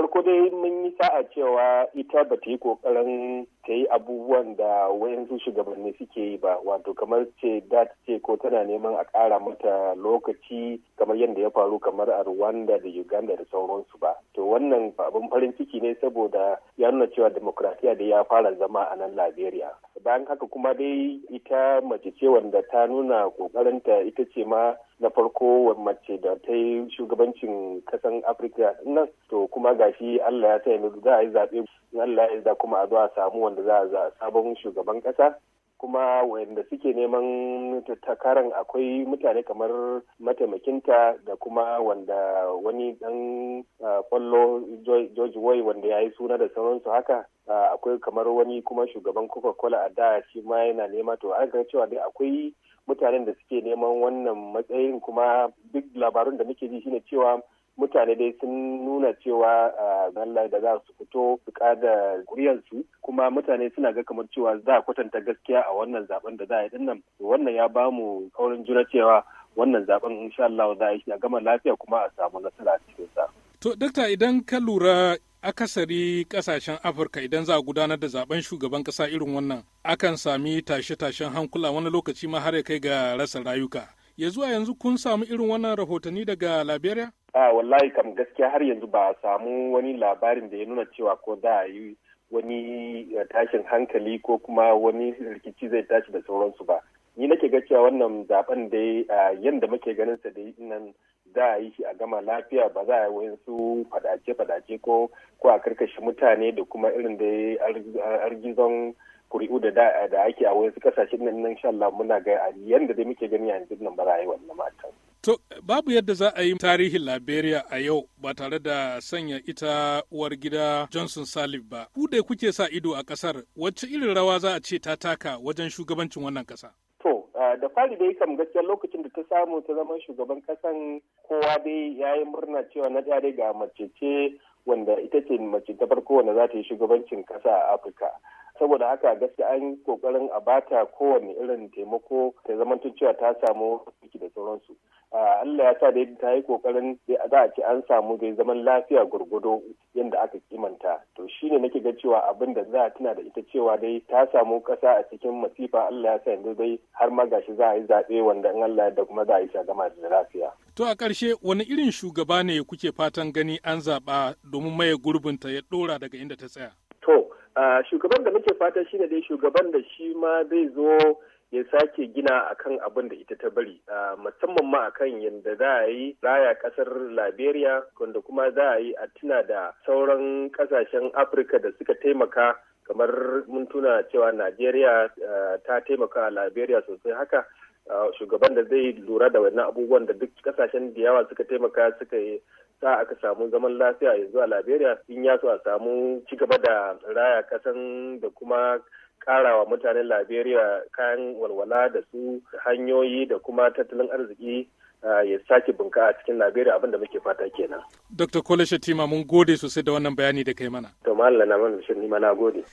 farko dai mun yi sa'a cewa ita ba ta yi kokarin ta yi abubuwan da wayansu shugabanni suke yi ba wato kamar ce da ta ce ko tana neman a kara mata lokaci kamar yadda ya faru kamar a rwanda da uganda da sauransu ba to wannan abin farin ciki ne saboda ya nuna cewa demokratiya da ya fara zama a nan liberia bayan haka kuma dai ita mace ce wanda ta nuna kokarinta ita ce ma na farko mace da ta yi shugabancin kasan afirka nan to kuma gashi allah ya sa yanzu za a yi zaɓe allah ya da kuma a zo a samu wanda za a sabon shugaban kasa kuma wanda suke neman tattakaran akwai mutane kamar mataimakinta da kuma wanda wani dan kwallo George way wanda ya yi suna da sauransu haka akwai kamar wani kuma shugaban Coca-Cola a da shi ma yana nema to an cewa dai akwai mutanen da suke neman wannan matsayin kuma duk labarun da muke ji shine cewa mutane dai sun nuna cewa Allah da za su fito su kada kuriyarsu kuma mutane suna ga kamar cewa za a kwatanta gaskiya a wannan zaben da za a yi dinnan wannan ya ba mu kaurin juna cewa wannan zaben insha Allah za a yi a gama lafiya kuma a samu nasara a cikin sa. To dakta idan ka lura akasari kasashen afirka idan za a gudanar da zaben shugaban kasa irin wannan akan sami tashe-tashen hankula wani lokaci ma har ya kai ga rasa rayuka ya zuwa yanzu kun samu irin wannan rahotanni daga liberia a ah, wallahi kam gaskiya har yanzu ba a samu wani labarin da ya nuna cewa ko za a yi wani eh, tashin hankali ko kuma wani rikici zai tashi da sauransu ba ni nake ga cewa wannan zaben ah, da yadda muke ganin sa da nan za a yi shi a gama lafiya ba za a yi wayansu fadace-fadace ko ko a karkashe mutane da kuma irin da argizon kuri'u da da ake a wayansu kasashen nan insha Allah muna ga yadda dai muke gani a yanzu nan ba za a yi wannan matan. To, babu yadda za a yi tarihin Liberia a yau ba tare da sanya ita uwar gida Johnson Salif ba. Ku da kuke sa ido a ƙasar, wacce irin rawa za a ce ta taka wajen shugabancin wannan ƙasa? To, da fari dai kam gaskiya lokacin da ta samu ta zama shugaban ƙasan kowa dai ya yi murna cewa na dai ga mace ce wanda ita ce mace ta farko wanda za ta yi shugabancin ƙasa a Afirka. saboda haka gaskiya an kokarin a bata kowane irin taimako ta zamantun cewa ta samu da sauransu Ah, Allah ya sa da yadda ta yi kokarin za a ce an samu dai zaman lafiya gurgudo yadda aka kimanta to shine nake ga cewa abin da za a tuna da ita cewa dai ta samu kasa a cikin masifa Allah ya sa yanzu dai har ma gashi za a yi zaɓe wanda in Allah ya da kuma za a yi shagama da lafiya. To a ƙarshe wani irin shugaba ne kuke fatan gani an zaɓa domin maye ta ya ɗora daga inda ta tsaya? To ah, shugaban da muke fata shine dai shugaban da shi ma zai zo ya sake gina akan abin da ita ta bari musamman ma akan yadda za a yi raya kasar liberia wanda kuma za a yi a tuna da sauran kasashen afirka da suka taimaka kamar mun tuna cewa nigeria ta taimaka a liberia sosai haka shugaban da zai lura da wannan abubuwan da duk kasashen da yawa suka taimaka suka yi sa aka samu zaman lafiya yanzu a liberia in ya so a samu ci gaba da raya kasan da kuma karawa mutanen liberia kayan walwala da su hanyoyi da kuma tattalin arziki eh, ya sake bunka a cikin liberia abinda muke fata kenan dr kole shatima mun gode sosai da wannan bayani da kai mana to malala na mana shirin na gode